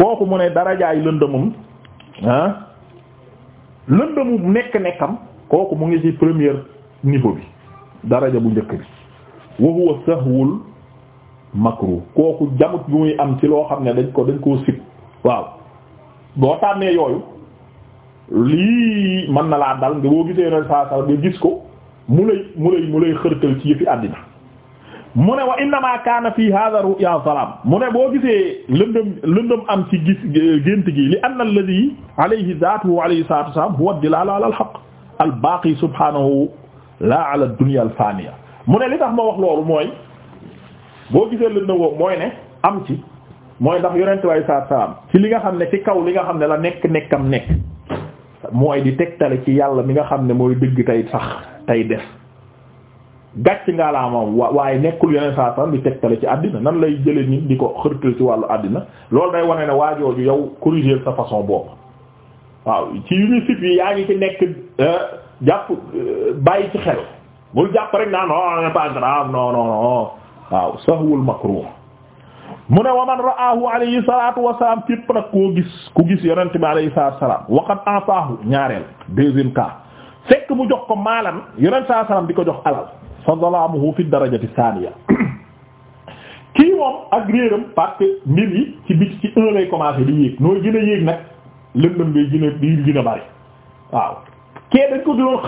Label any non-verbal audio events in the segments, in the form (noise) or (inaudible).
kooku mu ne darajaay lëndëmum ah lëndëmum nekk nekkam kooku mu ngi ci premier niveau bi daraja bu njëkk bi wa huwa sahwul kooku jamut bi muy am ci loo xam ne dañ ko dañ koo sib waaw boo tànnee yooyu lii mën na laa dal nga boo gisee ren saa saa nga gis ko mu lay mu lay mu lay xërtal ci yëfi àddina mu ne wa innama kaana fii hadha ru'ya zalaam mu ne boo gisee lëndëm lëndëm am ci gis gént gi li anna alladhi alayhi zaatuhu alayhi salaatu wasalaam huwa dilaala ala alhaq albaaqi subhaanahu la ala dunya alfaaniya mu ne li tax ma wax loolu mooy boo gisee lëndëm woowu mooy ne am ci mooy ndax yonent way salaatu salaam ci li nga xam ne ci kaw li nga xam ne la nekk nekkam nekk mooy di tegtale ci yàlla mi nga xam ne mooy dëgg tey sax tey def gàcc ngaalaamam waaye nekkul yeneen saa san di tegtale ci àddina nan lay jële nii di ko xërtal ci wàllu àddina loolu day wane ne waajooju yow corriger sa façon boobu waaw ci unicite yi yaa ngi ci nekk euh, jàpp euh, bàyyi ci xel bul jàpp rek naa non oh, pas grave non non non waaw mu ne wa man ra'aahu alayhi salatu wasalam képp nag koo gis ku gis yonente bi alayhi salatu wasalam waqad ataahu ñaareel deuxième cas fekk mu jox ko maalam yonent saa di ko jox alal fa zalaamuhu fi darajati saaniya kii moom ak réeram parce que mbir yi ci biti ci un lay commencé di yéeg nooy gën a yéeg nag lëndëm ngay gën a di ko doon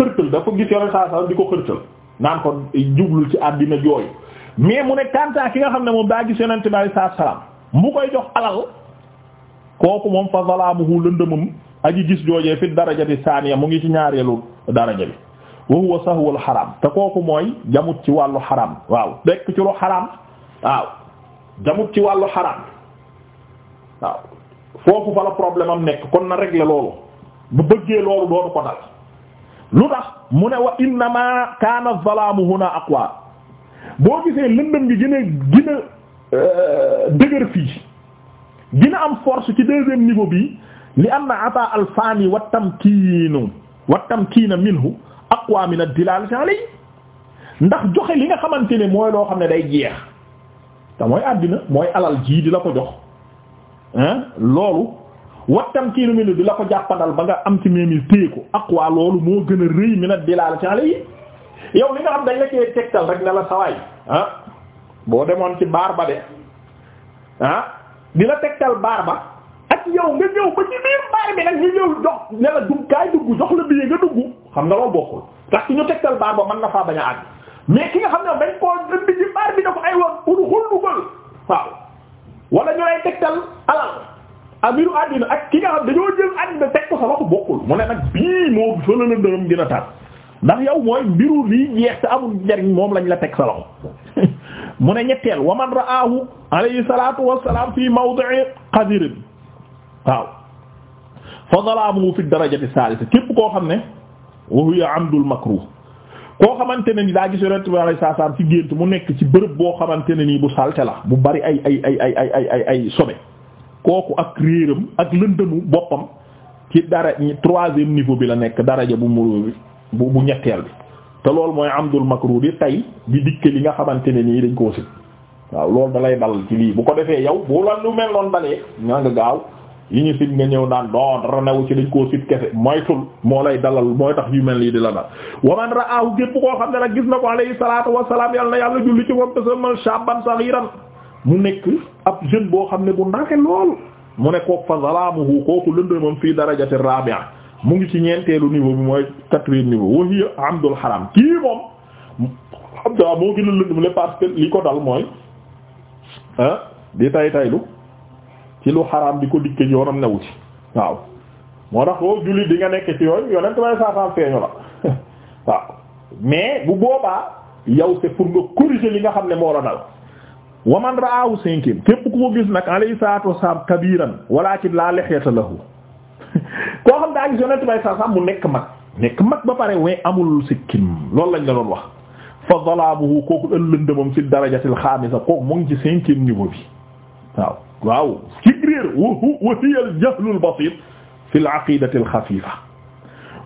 gis yore saa di ko xërtal ko jublul ci àddina jooy mais mu ne kantaa ki nga xam ne moom daa gis yonente bi alayhi mu koy jox alal kooku moom fa zalaamuhu lëndëmam aji gis joojee fi darajati saaniya mu ngi ci ñaareelu daraja bi wa huwa sahwul xaram te kooku mooy jamut ci wàllu xaram waaw dekk ci lu xaram waaw jamut ci wàllu xaram waaw foofu fa la problème am nekk kon na régler loolu bu bëggee loolu doonu ko dal lu tax mu ne wa innama kaana zalaamu huna aqwa boo gisee lëndëm gi gën a euh, dëgër fii gën am force ci deuxième niveau bi li anna ata al faani wa tamkiinu wa tamkiina minhu aqwa min ad-dilalati alayhi ndax joxe li nga xamante ne mooy loo xam ne day jeex te mooy àddina mooy alal jii di la ko jox hein kii wattam kiinu mi di la ko jàppandal ba nga am ci meemil téye ko aqwa loolu moo gën a rëy min ad-dilalati alayhi yow li nga xam dañ la cee tegtal rek ne la sawaay boo demoon ci baar ba de ah di la tegtal baar ba ak yow nga ñëw ba ci biir baar bi nag ñu ñëw jox ne la dugg kaay dugg jox la biir nga dugg xam nga loolu bokkul tax ci ñu tegtal baar ba mën na faa bañ a àgg mais ki nga xam ne dañ koo indi ci ko ay waaw wala ñu lay tegtal alal amiru àddina ak ki nga xam dañoo jël àddina teg sa loxo bokkul mu ne nag bii ndax yow mooy mbiru lii moom lañ la teg sa loxo (laughs) mu ne ñetteel wa man ra'ahu alayhi salatu wassalam fi mawdi'i qadirin waaw fa zalamuhu fi darajati salisa képp koo xam ne wa huwa amdul makruh koo xamante ne ni daa gis yonent bi alayhi salaam ci gént mu nekk ci bërëb boo xamante ne nii bu salte la bu bari ay ay ay ay ay ay ay sobe kooku ak réeram ak lëndëmu boppam ci dara troisième niveau bi la nekk daraja bu mu bu bu ñetteel bi te loolu mooy amdul makruh di tey di dikke li nga xamante ne nii dañ koo sit waaw loolu lay dal ci lii bu ko defee yow bu lan lu mel noonu dalee ñaa nga gaaw yi ñu sib nga ñëw naan non dara newu ci dañ koo sib kese moytul moo lay dalal mooy tax yu mel nii di la dal waman raahu gépp koo xam ne nag gis na ko alayhi salatu wasalaam yàlla na yàlla julli ci moom tasamal shaban saghiran mu nekk ab jeune boo xam ne bu ndaxe lool mu ne kook fa zalamuhu kooku lëndëmam fii darajati rabia mu ngi ci ñeenteelu niveau bi mooy quatrième niveau wa hiya amdul haram kii moom abda moo gën a lëndëm le parce que li ko dal mooy di tay ci lu xaraam di ko dikke yoonam newu ci waaw moo tax boobu jullit di nekk ci yooyu yonent may saasam feeñu la (laughs) waaw mais bu boobaa yow c'est pour nga corriger li nga xam ne moo la dal waman raahu cinquième képp ku ko gis nag alayhi salatu wassalam kabiran walakin la lihyata lahu (laughs) koo xam daa gis yonent may saasam mu nekk mag nekk mag ba pare way amul sikkim loolu lañ la doon wax fa zalaamuhu kooku ëllëndëmam fi darajatil xaamisa kooku mu ngi ci cinquième niveau bi waaw waaw ci réer wahu wa hiya al jahlu al basit fi al aqidati al xafifa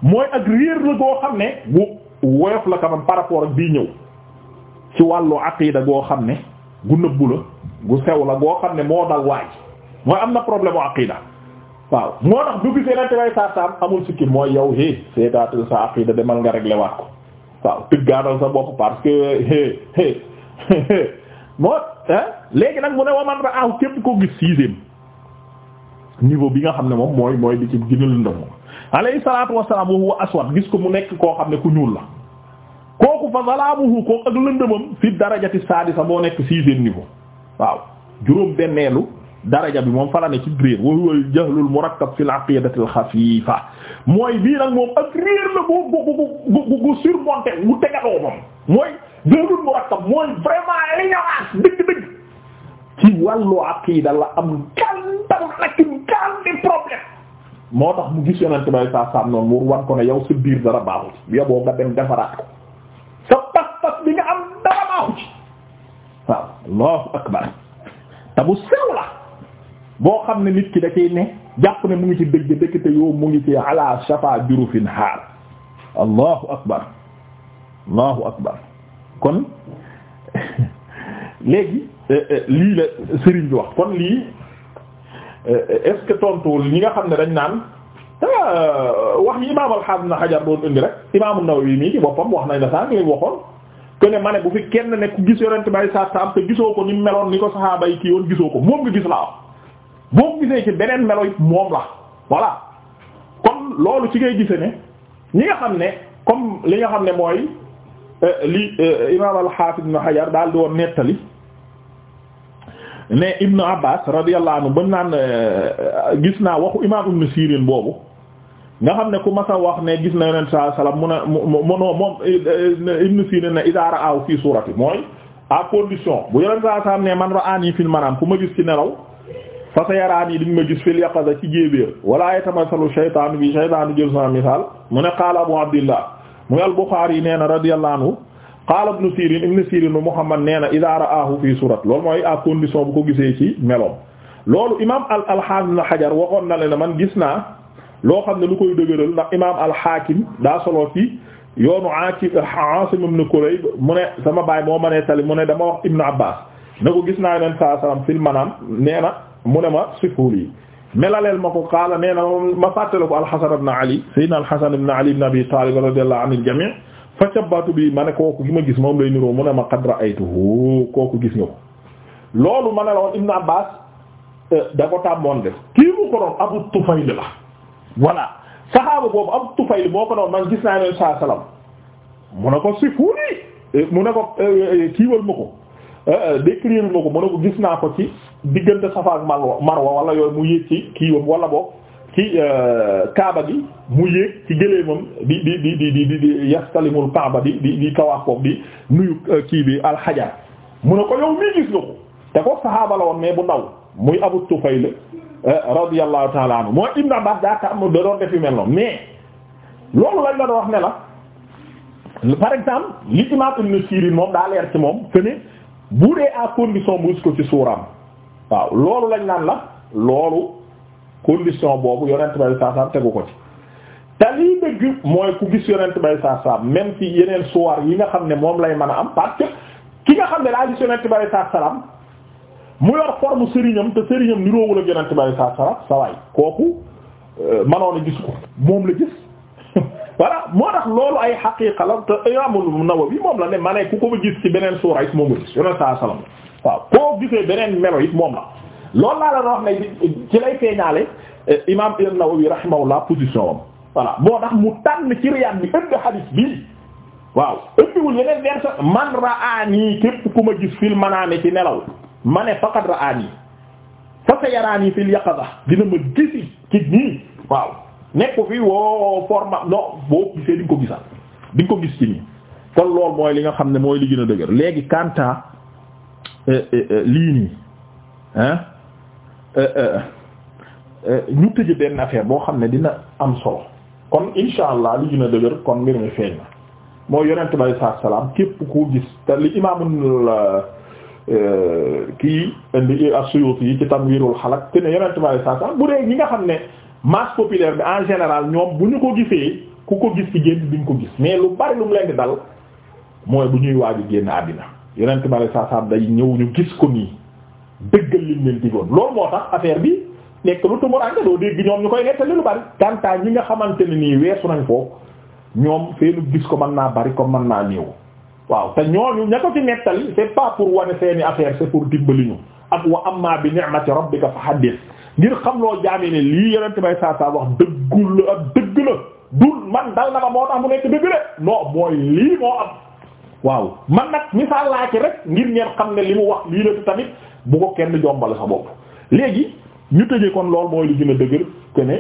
mooy ak réer la goo xam ne bu woyof la kanam par rapport ak bii ñëw ci wàllu aqida goo xam ne gu nëbbu la gu sew la goo xam ne moo dal waaj mooy am na problème u aqida waaw moo tax du gisee nante way saartaam amul sikki mooy yow é seetaatal sa aqida demal nga régler waat ko waaw tëggaanal sa bopp parce que é é moo léegi nag mu ne waman raahu képp ko gis sixième niveau bi nga xam ne moom mooy mooy di ci gëna lëndëm moom alayhi salatu wasalaam wa huwa aswad gis ko mu nekk koo xam ne ku ñuul la kooku fa zalaamuhu kooku ak lëndëmam fi darajati sadisa moo nekk sixième niveau waaw juróom benneelu daraja bi moom fala ne ci réer wa huwa jahlul murakkab fil aqidati al xafifa mooy bii nag moom ak réer la bu bu bu bu surmonté bu tegaloo moom mooy jahlul murakkab mooy vraiment li ñawaas ci wàllu aqida la am gàndal nag gàndi problème moo tax mu gis yonente bay saa saam noonu mu wan ko ne yow sa biir dara baaxu ci yoboo nga dem defaraat ko sa pas-pas bi nga am dara baaxu ci waaw allahu akbar te bu sew la boo xam ne nit ki da ciy ne jàpp ne mu ngi ci dëgg dëgg te yow mu ngi ci ala shafa jurufin haar allahu akbar allahu akbar kon léegi euh, euh, lii la sëriñ bi wax kon lii euh, est-ce que tontuwul ñi nga xam ne dañ naan te ah, wax yi imaam al-Hafiz na Hajar doon indi rek imaam an-Nawawi mii ci boppam wax nañ na sax léegi waxoon que ne ma ne bu fi kenn ne ku gis yonent bay saa gisoo ko ni meloon ni ko saxaaba yi kii woon gisoo ko moom nga gis laa wax boo gisee ci beneen melo it moom la voilà kon loolu ci ngay gise ne ñi nga xam ne comme li nga xam ne mooy lii imaam al-Hafiz na Hajar daal di woon nettali. ne Ibnu Abbas radiyallahu anhu ba naan euh, gis naa waxu imaam Ibnu Sirin boobu nga xam ne ku ma masa wax ne gis na Yonent sallallahu alayhi wasallam mun a mu mu munoo moom euh, Ibnu Sirin ne idaa ra'aahu fii suurati mooy à condition bu Yonent sallallahu alayhi wasallam ne man ra'aanii fil manaam ku ma gis ci nelaw fa sayaraanii di nga ma gis fil yaqaza ci jéebéer wala yatamasalu shaytaanu bi shaytaanu jël sama misaal mu ne qaala Abu Abdillah muy al-Bukhari nee na radiyallahu anhu qaala ibnu sirin ibnu sirin bu muhammad nee na idaa ra'aahu fii surat loolu mooy à condition bu ko gisee ci meloom loolu imam al alxaafis na xajar waxoon na leen man gis naa loo xam ne lu koy dëgëral ndax imam alxaakim daa soloo ci yoonu aki Aasim ibnu Kulayb mu ne sama baay moo ma nettali mu ne dama wax ibnu abbas na ko gis naa yonent saa salaam fil manaam nee na mu ne ma siful yi melaleel ma ko qaala nee na ma fàttale ko alxasan ibnu ali sayyidina alxasan ibnu ali ibnu abi taalib radiyallahu anil jamii fa cabatu bi ma ne kooku gi ma gis moom lay niroo mu ne ma qad ra'aytuhu kooku gis nga ko loolu ma ne la woon Ibn Abbas euh, da ko tàmmoon def kii ko doon Abu Tufayl la voilà saxaaba boobu Abu Tufayl moo ko doon man gis naa ne saa salaam mu ne ko si fuuni euh, mu ne ko euh, kiiwal ma ko décrire ma ko mu ne ko gis naa ko ci diggante Safa ak Marwa wala yooyu mu yéeg ci kiiwam wala boog ci euh, kaaba gi mu yéeg ci gëléemam di di di di di di kaaba di di di tawaafof nuyu euh, kii bi alxajar mu ne ko yow mii gis nga te ko saxaaba la woon mais bu ndaw muy Abu Tufayl euh, radiyallahu taala anhu mooy Ibn Abbas daa ta am da doon def mel noonu mais loolu lañ la doon wax ne la par exemple li imam Ibn Sirin moom daa leer ci moom que ne bu dee à condition ko ci suuraam waaw loolu lañ naan la loolu condition boobu yonent bay saasaam tegu ko ci te lii dëgg mooy ku gis yonent bay saasaam même ci yeneen suwar yi nga xam ne moom lay mën a am parce ki nga xam ne daa gis yonent bay saasaam mu yor forme sëriñam te sëriñam niroowul ak yonent bay saasaam sa waay kooku euh, manoon a gis ko moom la gis (laughs) voilà moo tax loolu ay xaqiiqa la te Imaam Nawawi moom la ne ma ne ku ko gis ci beneen suura moom la gis yonent saa waaw koo gisee melo it moom la lool laa la wax ne ci lay feeñaale eh, imam an-Nawawi rahimahullah position am voilà boo tax mu tànn ci Riyad bi ënd hadith bi waaw ëndiwul yeneen verset man ra'aani képp ku ma gis fil manaami ci nelaw ma ne faqad ra'aani fa sayaraani fil yaqaza dina ma gisi ci waaw nekk fi woo forma non boo gisee di ko gisal di ko gis ci nii kon loolu mooy li nga xam ne mooy li gën a dëgër léegi kanta eh, eh, lii nii ah Euh, euh, euh, ñu tëje benn affaire boo xam ne dina am solo kon insha allah li dina dëgër kon ngir mi feeñ na mooy yonent bi alayhi salaam képp ko gis te li imaamul kii indi as-Suyuti yi ci Tanwiirul Halaq te ne yonent bi alayhi salaatu bu dee ñi nga xam ne masse populaire bi en général ñoom bu ñu ko gisee ku ko gis ci génn duñ ko gis mais lu bari lu mu leen di dal mooy bu ñuy waaj a génn àddina yonent bi alayhi salaatu day ñëw ñu gis ko nii. dëggal liñ leen digoon loolu moo tax affaire bi nekk lu tumuraange doo dégg ñoom ñu koy nettali lu bari kantaa ñi nga xamante ne nii weesu nañ foofu ñoom seenu gis ko man naa bari ko mën naa néew waaw te ñooñu ña ko ci nettali c'est pas pour wane seeni affaire c'est pour dimbali ñu ak wa amma bi ni'mati rabbika fa haddith ngir xam loo jaamee ne lii yonente bay saa saa wax dëggul la dëgg la dul man dal na ma moo tax mu nekk dëgg de non mooy lii moo am waaw man ngir xam ne li mu wax lii la bu ko kenn jombal sa bopp léegi ñu tëjee kon lool mooy lu gën a dëgër que ne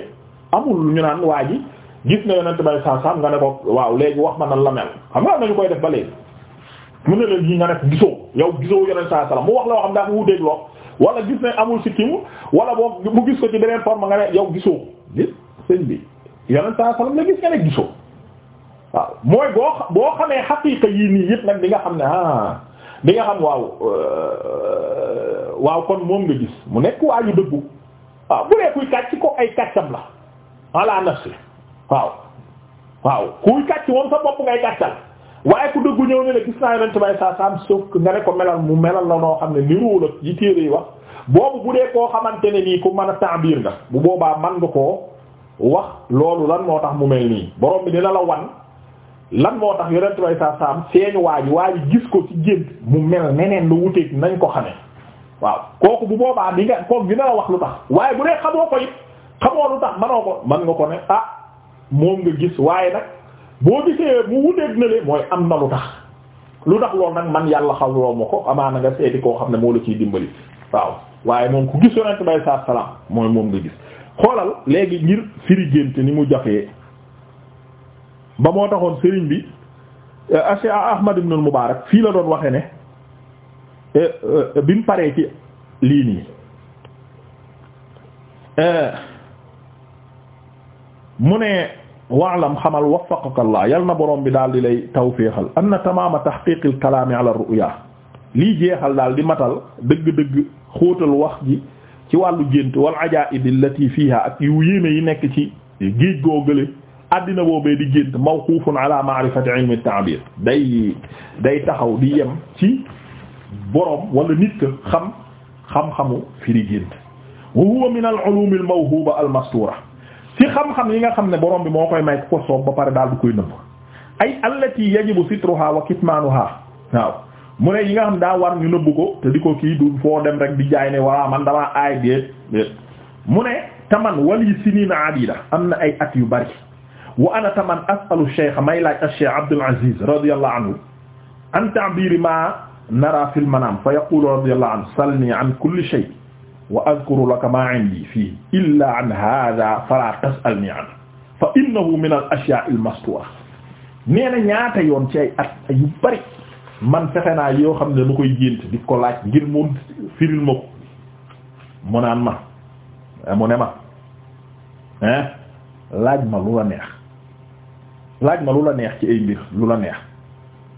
amul ñu naan waa ji gis nga yonent bay saasam nga ne ko waaw léegi wax ma na la mel xam nga am nañu koy def ba léegi mu ne leen yi nga ne gisoo yow gisoo yonent saa salaam mu wax loo yoo xam daa ko wuteeg lool wala gis ne amul sikkimu wala boo mu gis ko ci beneen forme nga ne yow gisoo gis sëñ bi yonent saa salaam la gis nga ne gisoo waaw mooy boo boo xamee xaqiiqa yii nii yëpp nag di nga xam ne ah bi nga xam waaw euh, waaw kon moom nga gis mu nekk waa yu dëggu waaw bu dee kuy kàcc ko ay kàccam la ala nafsi waaw waaw kuy kàcc moom sa bopp ngay kàccal waaye ku dëggu ñëw ne la gis naa yonent bay saa saam sauf nga ne ko melal mu melal la noo xam ne niroo la yi téere yi wax boobu bu dee koo xamante ne nii ku mën a ta'bir nga bu boobaa man nga koo wax loolu lan moo tax mu mel nii borom bi dina la wan lan moo tax yonent bay saa saam seen waaj waaj gis ko ci gént mu mel neneen lu wuteeg nañ ko xamee waaw kooku bu boobaa bi nga kooku dina la wax lu tax waaye bu dee xamoo ko it xamoo lu tax manoo ko man nga ko ne ah moom nga gis waaye nag boo gisee mu wuteeg na le mooy am na lu tax lu tax lool nag man yàlla xamloo ma ko amaana nga seeti koo xam ne moo la ciy dimbali waaw waaye moom ku gis yonent bay saa salaam mooy moom nga léegi ngir gént ni mu jafee ba moo taxoon sëriñ bi euh, Cheikh Ahmad ibn mubarak fii la doon waxe ne euh, euh, bi mu paree ci lii nii mu ne waalam xamal waffaqaka Allah yal na borom bi daal di lay tawféexal anna tamaama tahqiiqil kalaami ala ru'ya lii jeexal daal di matal dëgg-dëgg xóotal wax ji ci wàllu gént wal ajaa'ib allati fiiha ak yu yéeme yi nekk ci géej goo gële addina boobee di gént mawqufun ala ma'rifati ilmi at day taxaw di yem ci boroom wala nit xam xam-xamu firi gént wa huwa min al-ulum al-mawhuba ci xam-xam yi nga xam ne boroom bi moo koy may ko soob ba pare daal di koy nëbb ay allati yajibu sitruha wa kitmanuha waaw mu ne yi nga xam daa war ñu nëbb ko te di ko kii du foo dem rek di jaay ne waa man damaa aay déet mu ne taman wali sinina adida am na ay at yu bari wa ana taman asalu cheikh may laaj acheikh Abdul Aziz radiyallahu anhu an ta'biri ma nara fil manam fa yaqulu radiyallahu anhu salni an kulli shay wa adhkuru laka ma 'indi fihi illa an hadha fala tas'alni an fa innahu min al ashya' al mastura nee na ñaata yoon ci ay at yu bari man fexe naa yoo xam ne nu koy gént di ko laaj ngir mu firil ma ko mu naan ma mu ne ma hein laaj ma lu la neex laaj ma lu la neex ci ay mbir lu la neex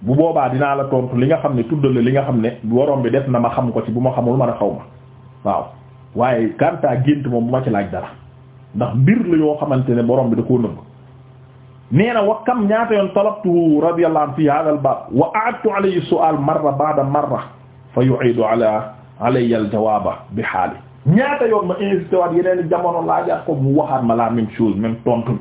bu boobaa dinaa la tontu li nga xam ne tuddale li nga xam ne borom bi def na ma xam ko ci bu ma xamul man a xaw waaw waaye kantaa gént moom bu ma ci laaj dara ndax mbir la yoo xamante ne borom bi da koo nëbb nee wa kam ñaata yoon talabtuhu radiyallahu anhu fi hadha al bab wa a'adtu alayhi su'al marra ba'da marra fa yu'idu ala alayya al jawaba bi haali ñaata yoon ma insisté jamono laajaat ko mu waxaat ma la même chose même tontu bi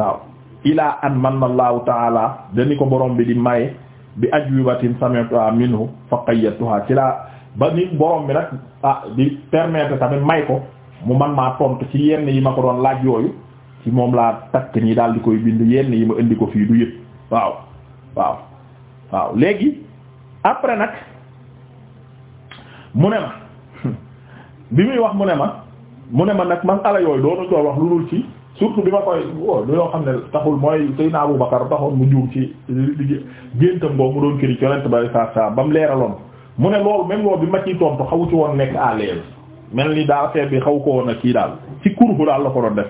waaw ilaa man manna allahu taala dani ko borom bi di may bi ajwibatin sami'tuha minhu fa qayyatuha ci laa ba ni borom bi nag ah di permettre tamit may ko mu man maa tontu ci yenn yi ma ko doon laaj yooyu ci moom laa takk nii daal di koy bind yenn yi ma indi ko fii du yëpp waaw waaw waaw léegi après nag mu ne ma (laughs) bi muy wax mu ne ma mu ne ma nag masala yooyu doonu ko wax lu dul ci surtout bi ma koy lu yoo xam ne taxul mooy Seydina Abu Bakar taxoon mu juum ci géntam ngoo mu doon këri correct ba saa saa ba mu leeraloon mu ne loolu même loolu bi ma ciy tontu xawu ci woon nekk à l'aise mel ni daa feet bi xaw ko woon a kii daal ci kurku daal la ko doon def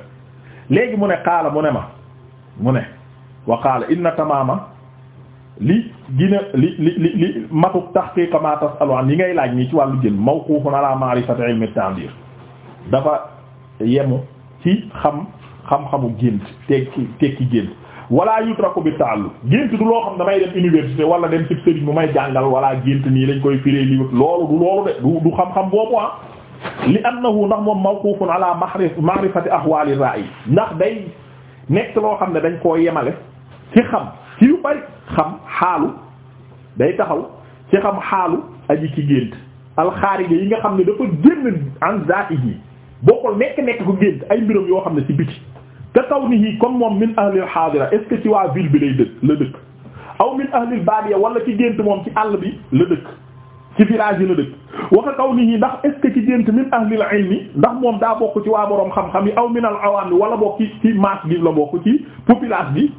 léegi mu ne xaala mu ne ma mu ne wa qaala inna tamaama li gina li li li li matuk tahqiqa ma tasalu an yi ngay laaj nii ci wàllu jën mawqufun ala ma'rifati ilmi ta'bir dafa yemu xam-xamu gént tekki tekki gént wala yutraku bi ta'allum gént du loo xam damay dem université wala dem ci sëriñ bu may jàngal wala gént nii dañ koy firee lii loolu du loolu de du xam-xam boobu ah li annahu ndax moom mawqufun ala ma'rifati ahwali ra'i ndax day nekk loo xam ne dañ koo yemale ci xam ci yu bari xam xaalu day taxaw ci xam xaalu aji ci gént alxaarija yi nga xam ne dafa génn an zaati yi bokkul nekk nekk ko gént ay mbiram yoo xam ne ci ka kawnihi comme moom min ahlil xaadira est-ce que ci waa ville bi lay dëkk la dëkk aw min ahlil baadiya wala ci gént moom ci àll bi la dëkk ci village yi la dëkk wa ni kawnihi ndax est-ce que ci gént min ahlil ilmi ndax moom daa bokk ci waa boroom xam-xam yi aw min al awaam wala bokk ci ci masse bi la bokk ci populace bi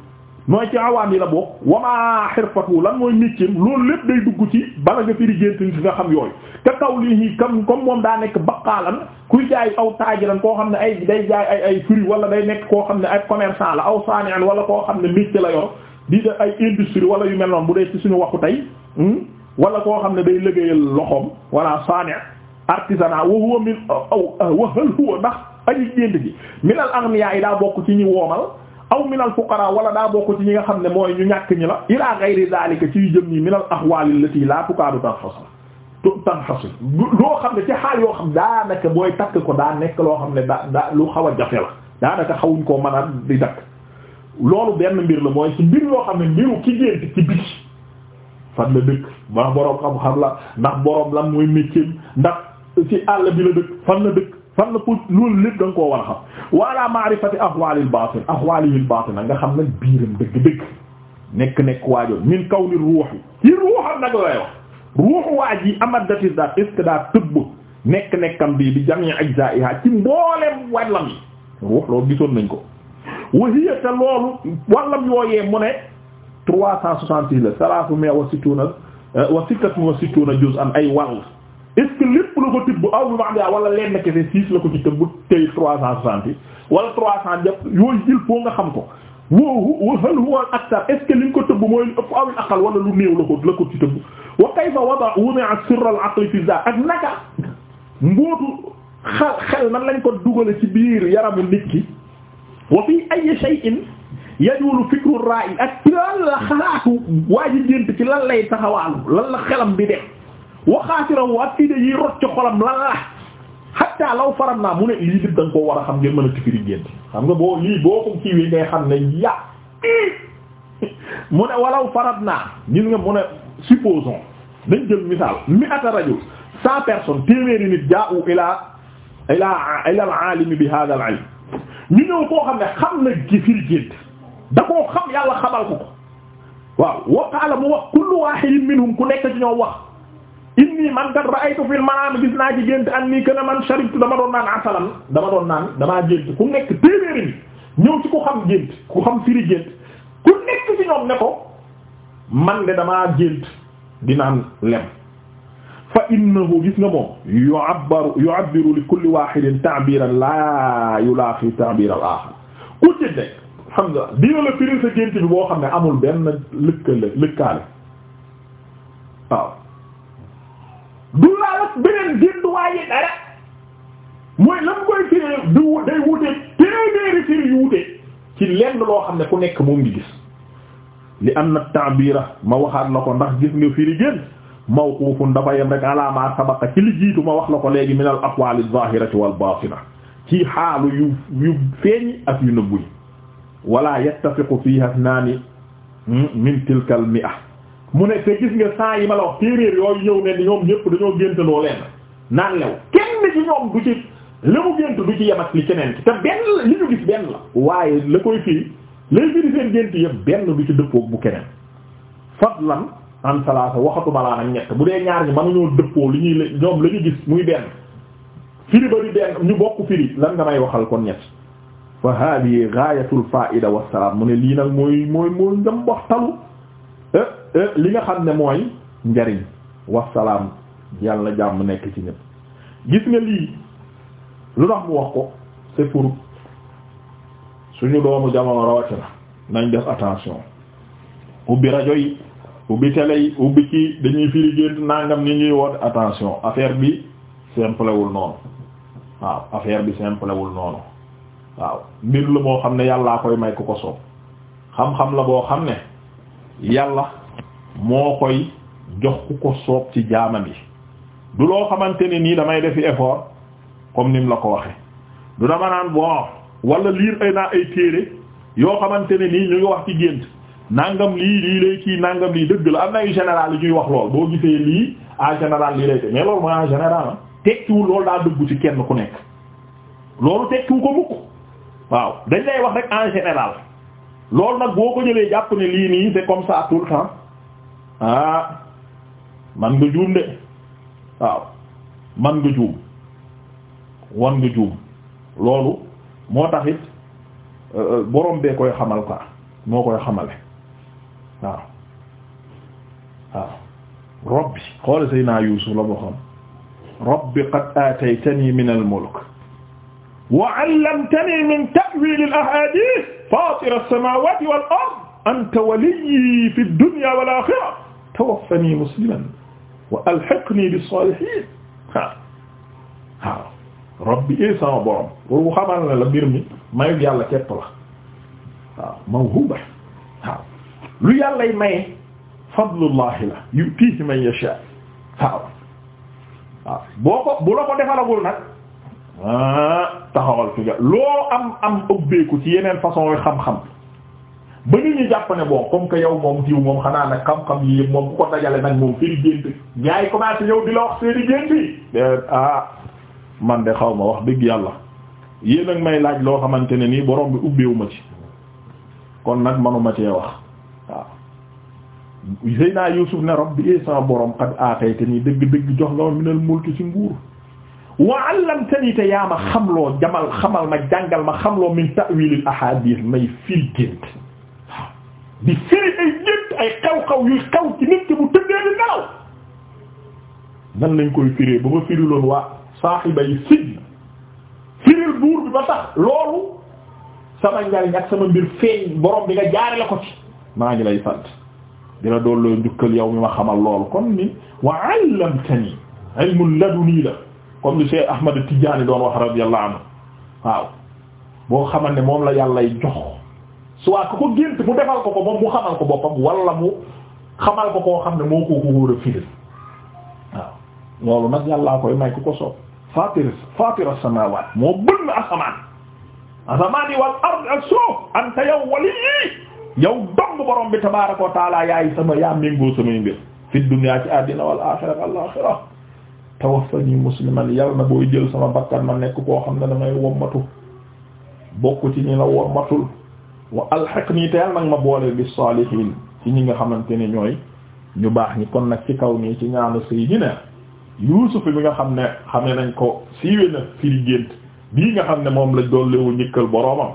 mooy ci awaam yi la bokk wamaa xirfatu lan mooy métier loolu lépp day dugg ci bala nga firi gént gi nga xam yooyu te kaw lii comme comme moom daa nekk baqaalan kuy jaay aw taajiran koo xam ne ay day jaay ay ay fruits wala day nekk koo xam ne ay commercant la aw saani'an wala koo xam ne métier la yor di def ay industrie wala yu mel noonu bu dee ci suñu waxu tey hmm, wala koo xam ne day léggéeyal loxoom wala saani' artisanat wa huwa min wa hal huwa ndax aji gént yi daa bokk ci ñi woomal aw minal fuqara wala daa bokk ci ñi nga xam ne mooy ñu ñàkk ñi la ila ghayri zalika ci yu jëm nii minal ahwal allati la tukaadu tanfasil tanfasil loo xam ne ci xaal yoo xam daa daanaka booy takk ko daa nekk loo xam ne daa daa lu xaw a jafe la daanaka xawuñ koo mën a di takk loolu benn mbir la mooy ci mbir yoo xam ne mbiru ki gént ci biti fan la dëkk ma boroom xam-xam la ndax boroom lan mooy métier ndax ci àll bi la dëkk fan la dëkk fan la ko loolu lépp da nga koo war a xam wala ma'rifati ahwalil batin ahwalil batin nga xam nag biiram dëgg-dëgg nekk-nekk waajoon min kawni ruux yi ci ruuxam nag lay wax ruuxu waaj yi amadati daat est ce que nekk-nekkam bii bi jami ajza'iha ci mbooleem wàllam yi ruux loolu gisoon nañ ko wahiya te loolu wàllam yooyee mu ne trois cent soixante six la salaasu mi'a wa situna wa sittatu wa situna juz'an ay wàll lépp la ko tibb aw bi ma wala lenn kese six la ko ci tëbb tey trois cent soixante yi wala trois cent jàpp yooyu il faut nga xam ko woo hal huwa aktar est ce que liñ ko tëbb mooy ëpp aw aqal wala lu néew la ko la ko ci tëbb wa kayfa wada wudi'a sirr al aql fi za ak naka mbootu xel xel nan lañ ko dugale ci biir yaramu nit ki wa fi ay shay'in yajulu fikru ra'i ak ci lan la xalaatu waa ji gént ci lan lay taxawaalu lan la xelam bi def waxaatiram waat idée yi rot ci xolam lan law faram naa mu ne lii dib da nga koo war a xam ngeen mën a tifiri génti xam nga boo lii boo ko kiiwee ngay xam ne ya mu ne walaw faram naa gis nga mu ne supposons dañ jël misaal mi ata rajo cent personnes téeméeri nit jaa'u ilaa ilaa ila al bi hadha al-ilm ñu xam ne xam na gifiri gént da koo xam yàlla xamal ko ko waaw wa mu wax kullu waahidin minhum ku nekk ci ñoo wax inni man kat ra'aytu fil manaam gis naa ci gént anni kana man sharibtu dama doon naan asalam dama doon naan damaa gént ku nekk téeméeri bi ñëw ci ku xam gént ku xam firi gént ku nekk ci ñoom ne ko man de damaa gént di naan lem fa innahu gis nga moom yu'abbaru yu'abbiru li kulli wahidin ta'biran la yulaafi ta'bir al axar ku ci de xam nga dina la firi sa gént bi boo xam ne amul benn lëkkale lëkkaale waaw du laal ak beneen jënduwaay yi dara mooy lan koy firé du day wute téeméeri firi yu ci lenn loo xam ne ku nekk moom ngi gis li am na ta'bira ma waxaat la ko ndax gis nga firi génn mawqufun dafa yem rek ma wax la ko léegi min al aqwal az-zahirati wal batina ci xaalu yu yu feeñ ak yu nëbbu yi wala yattafiqu fiha ithnan min tilka al mi'a mu ne te gis nga saa yi ma la wax téeréer yooyu ñëw ne ñoom ñëpp dañoo géntaloo leen naan lew kenn ci ñoom du ci la mu gént du ci yem ak li keneen ci te benn li ñu gis benn la waaye la koy fii lay firi seen gént yëpp benn du ci dëppoog bu keneen fadlan an salaasa waxatuma laa nag ñett bu dee ñaar ñi mënuñoo dëppoo li ñuy ñoom la ñu gis muy benn firi ba di benn ñu bokk firi lan nga may waxal kon ñett fa hadihi gaayatul faida wassalaam mu ne lii nag mooy mooy Euh, li nga xam ne mooy njariñ wasalaam yàlla na jàmm nekk ci ñëpp gis nga lii lu tax mu wax ko c'est pour suñu doomu jamono rawatina nañ def attention ubbi rajo yi ubbi télé yi ubbi ci dañuy firi gént nangam ni ñuy woote attention affaire bi simple wul noonu waaw affaire bi simple wul noonu waaw mbir la moo xam ne yàlla koy may ku ko soob xam-xam la boo xam ne yàlla moo koy jox ku ko soob ci jaamam yi du loo xamante ne nii damay defi effort comme ni mu la ko waxee du dama naan bon wala liir ay naa ay téere yoo xamante ne nii ñu wax ci gént nangam lii lii lay kii nangam lii dëgg la am na ay général yu ñuy wax lool boo gisee lii en général lii lay te mais loolu mooy en général ah tekkiwul loolu daa dëgg ci kenn ku nekk loolu tekkiwu ko mukk waaw dañ lay wax rek en général loolu nag boo ko jëlee jàpp ne lii nii c'est comme ça tout le ah man nga juum de waaw man nga juum wan nga juum loolu moo tax it euh, euh, borom bee koy xamal quoi moo koy xamale waaw waaw rabbi xoole Seydina Yuusuf la boo xam rabbi qad aataytani min al-mulk wa 'allamtani min ta'wil al-ahadith fatir as-samawati wal-ard anta waliyyi fi ad-dunya wal-akhirah tawaffanii musliman wa alhiqnii bis-saalihiin waaw waaw rabbi ee eh, sama borom pour mu xamal ne la mbir mi mayu yàlla képp la waaw mawhuba waaw lu yàllay maye fadlullahi la yutiihi man yashaa waaw waaw boo ko bu la ko defalagul nag ah, taxawal fi nga loo am am ubbeeku ci yeneen façon yi xam-xam ba nit ñi jàpp ne bon comme que yow moom diw moom xanaa nag xam-xam yi yëpp moom ku ko dajale nag moom firi gént gaa yi commencé yow di la wax seeni gént yi eh, ah man de xaw ma wax dëgg yàlla yéen ak may laaj loo xamante ne nii boroom bi ubbeewu ma ci kon nag manuma cee wax waaw Seydina Yuusuf ne rabbi ee eh, sama borom qad aataytanii dëgg dëgg jox nga ma minal mulki ci nguur wa allamtanii te yaa ma xamloo jamal xamal ma jàngal ma xamloo min ta'wiilil ahaadiis di firi ay gént ay xew-xew yuy xew ci nit ki bu tëddee di nelaw nan lañ koy firee ba ma firi loon waa saaxiba yi sijn firil buur bi ba tax loolu sama njariñ sama mbir feeñ borom bi nga jaare la ko ci maa ngi lay sant di la dool njukkal yow mi ma xamal loolu kon ni wa allamtani ilmul laduni la comme li Cheikh Ahmad waaw boo xamal ne moom la yàllay jox soit ku ko gént mu defal ko ko moom mu xamal ko boppam wala mu xamal ko koo xam ne moo ko ko wóor a firil waaw loolu nag yàllaa koy may ku ko soob fatir fatir as-samawat moo bënn asamaan asamaan yi wal ard ak suuf anta yow wali yow dong borom bi tabaaraka wa taala yaay sama yaa méngoo samay mbir fi dunya ci àddina wal axira al axira tawaffani musliman yàlla na booy jël sama bakkan ma nekk koo xam ne damay wommatu bokk ci ñi la wommatul wa alhiqni teel nag ma boole bi salihin ci ñi nga xamante ne ñooy ñu baax ñi kon nag ci kaw nii ci ñaanu sayyidina Yuusuf bi nga xam ne xam xamee nañ ko siiwee na firi gént bii nga xam ne moom la dolliwu njëkkal boroomam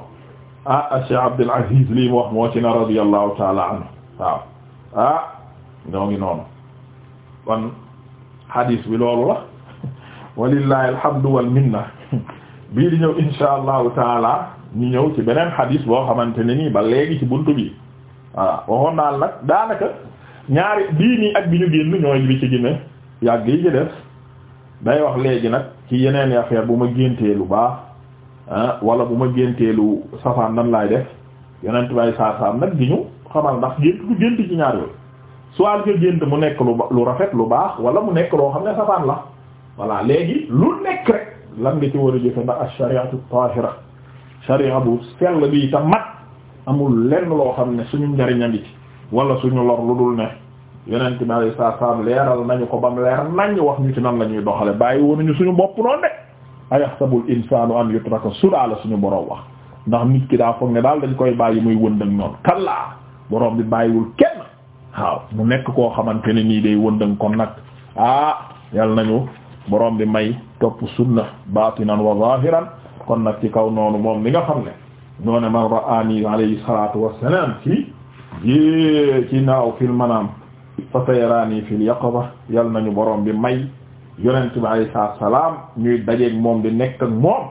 ah ah Cheikh Abdul Aziz lii wax moo ci na radiyallahu taala anhu waaw ah ñoo ngi noonu kon hadis bi loolu la (laughs) walillahi alhamdu wal (laughs) bii di ñëw insha allahu taala ñu ñëw ci beneen xadis boo xamante ne nii ba léegi ci buntu bi voilà waxoon naa nag daanaka ñaari bii nii ak bi ñu génn ñooy bi ci gine yàgg yi ci def day wax léegi nag ci yeneen affaire bu ma géntee lu baax ah wala bu ma géntee lu safaan nan laay def yeneen tubaay saa saam nag di ñu xamal ndax gént du gént ci ñaar yooyu soit nga gént mu nekk lu lu rafet lu baax wala mu nekk loo xam ne safaan la voilà léegi lu nekk rek lan nga ci war a jëfe ndax ash-shari'atu sharia bu sell bi te mat amul lenn loo xam ne suñu njariña yi ci wala suñu lor lu dul ne yeneen ci mali saa saam leeral nañu ko bam leer nañ wax ñu ci nan la ñuy doxale bàyyi wonuñu suñu bopp noonu de ayaxsabul insaanu an yutraka sudaa la suñu borom wax ndax nit ki daa foog ne daal dañ koy bàyyi muy wëndëng noonu kallaa borom bi bàyyiwul kenn waaw mu nekk koo xamante ne nii day wëndëng kon nag ah yàlla nañu borom bi may topp sunna baatinan wa zahiran kon nag ci kaw noonu moom mi nga xam ne ñoo ne man ra'aani alayhi salaatu wassalaam ci yée ci naaw fil manaam fa sayaraani fil yaqaba yal nañu boroom bi may yonent bi alayhi salaatu salaam ñuy dajeeg moom di nekk ak moom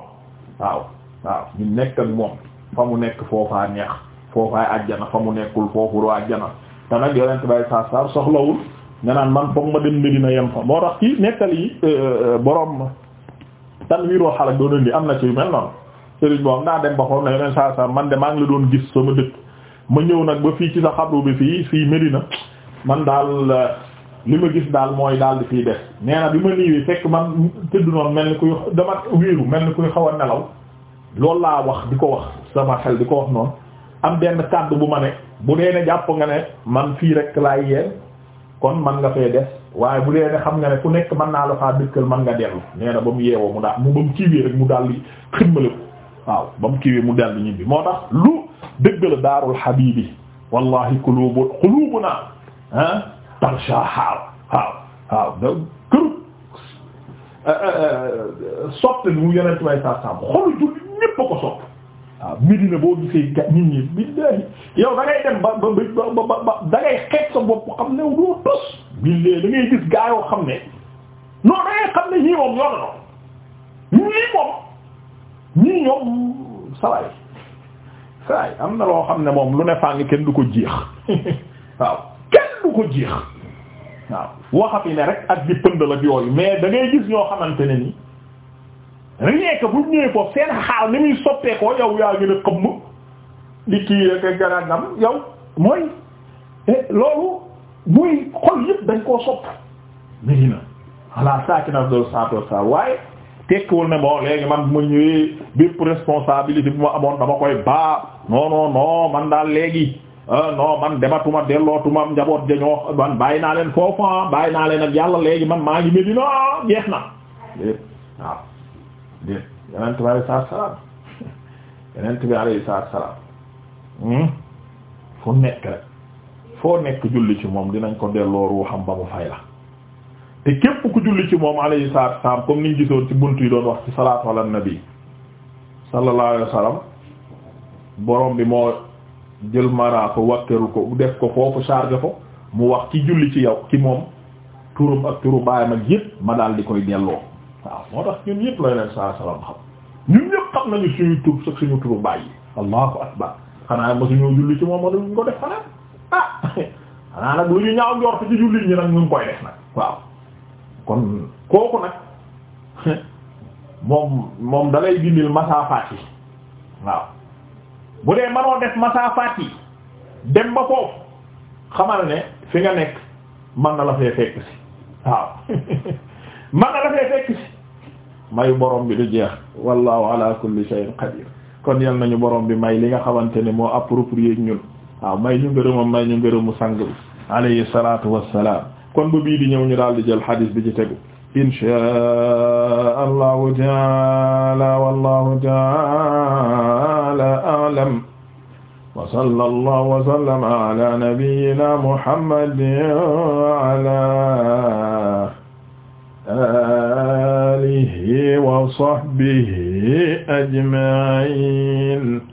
waaw waaw ñu nekk ak moom fa mu nekk foofaa neex foofaay ajjana fa mu nekkul foofu ru ajjana te nag yonent bi alayhi salaatu salaam soxlawul nga naan man foog ma dem Medina yem fa moo tax ci nekkal yi euh, euh, borom. tanwiirul xalak doo doon lii am na ci yu mel noonu sëriñ boobu naa dem ba xool saa saa man de maa ngi la doon gis sama dëkk ma ñëw nag ba fii ci sa xabru bi fii fii Medina man daal li ma gis daal mooy daal di fiy des nee bi ma niiwee fekk man tëdd noonu mel ni kuy dama wéeru mel ni kuy xaw a nelaw loolu laa wax di ko wax sama xel di ko wax noonu am benn kàddu bu ma ne bu dee ne jàpp nga ne man fii rek laay yeen kon man nga fee des waaye bu dee ne xam nga ne ku nekk man naa la faa dëkkal mën nga dellu nee na ba mu yeewoo mu daal mu ba mu kiiwee rek mu daal di ximmale ko waaw ba mu kiiwee mu daal di ñibbi moo tax lu dëgg la daarul habibi wallahi qulubu qulubuna ah tarshaha waaw waaw da kër sopp lu yonent way sa sam xolu julli ñépp a ko sopp waaw Medina boo gisee ga nit ñi billahi yow da dem ba ba ba ba da ngay xeet sa bopp xam new doo tos billee da gis gaa yoo xam ne non da ngay moom ñoo doon ñii moom am na loo xam ne moom lu ne fàng kenn du ko jeex (laughs) waaw kenn du ko jeex waaw waxat yi rek ak di pëndal ak yooyu mais da ngay gis ñoo xamante ne ni rien que bu ñëwee foofu seen xaal ni muy soppeekoo yow yaa gën a xëmm di kii rek ak garaagam yow mooy eh, loolu. muy xol yëpp dañ koo sopp Medina ala saakina afdalu salaatu wassalaam waaye tekkiwul ne bon léegi man mu ñëwee bépp responsabilité bi ma amoon dama koy baa non non non man daal léegi ah, non man dematuma dellootuma njaboot dañoo man bàyyi naa leen foofu bàyyi naa leen ak yàlla léegi man maa ngi Medina ah, jeex na déet waaw déet yeneen bi alayhi salaatu salaam (laughs) yeneen bi alayhi salaatu salaam hmm? fu nekk rek foo nekk julli ci moom dinañ ko delloo ruuxam ba mu fay la te képp ku julli ci moom alayhi salaatu salaam comme niñ gisoon ci bunt yi doon wax ci salaatu ala nabi sallallahu alayhi wa sallam borom bi moo jël maanaa ko wakkeeru ko def ko mu wax ci julli ci yow ci moom turam ak ma daal di koy delloo waaw yëpp la xam ñun ñëpp xam nañu suñu tur suñu turu baay yi allahu akbar xanaa ma suñu julli ci moom ma duñ ko def xanaa (laughs) xanaa nag yu ñu ñaaw njort ci jullit ñi nag ñu ngi koy def nag waaw kon kooku nag (laughs) moom moom dalay dindil masaafaat yi waaw bu dee manoo def masaafaat yi dem ba foofu xamal ne fi nga nekk man na la fee fekk si waaw (laughs) man na la fee fekk si mayu borom bi du jeex wallahu ala kulli shay'in qadir kon yal nañu borom bi may li nga xamante ne moo approprié ñun waaw may ñu ngërëmam may ñu ngërëmu sang bi alayhi salatu wassalam kon bu bii di ñëw ñu daal di jël hadis bi ci tegu inshaa allahu taala wallahu taala a'lam wa sallallahu wa sallama ala nabiyyina muhammadin wa ala alihi wa sahbihi ajma'in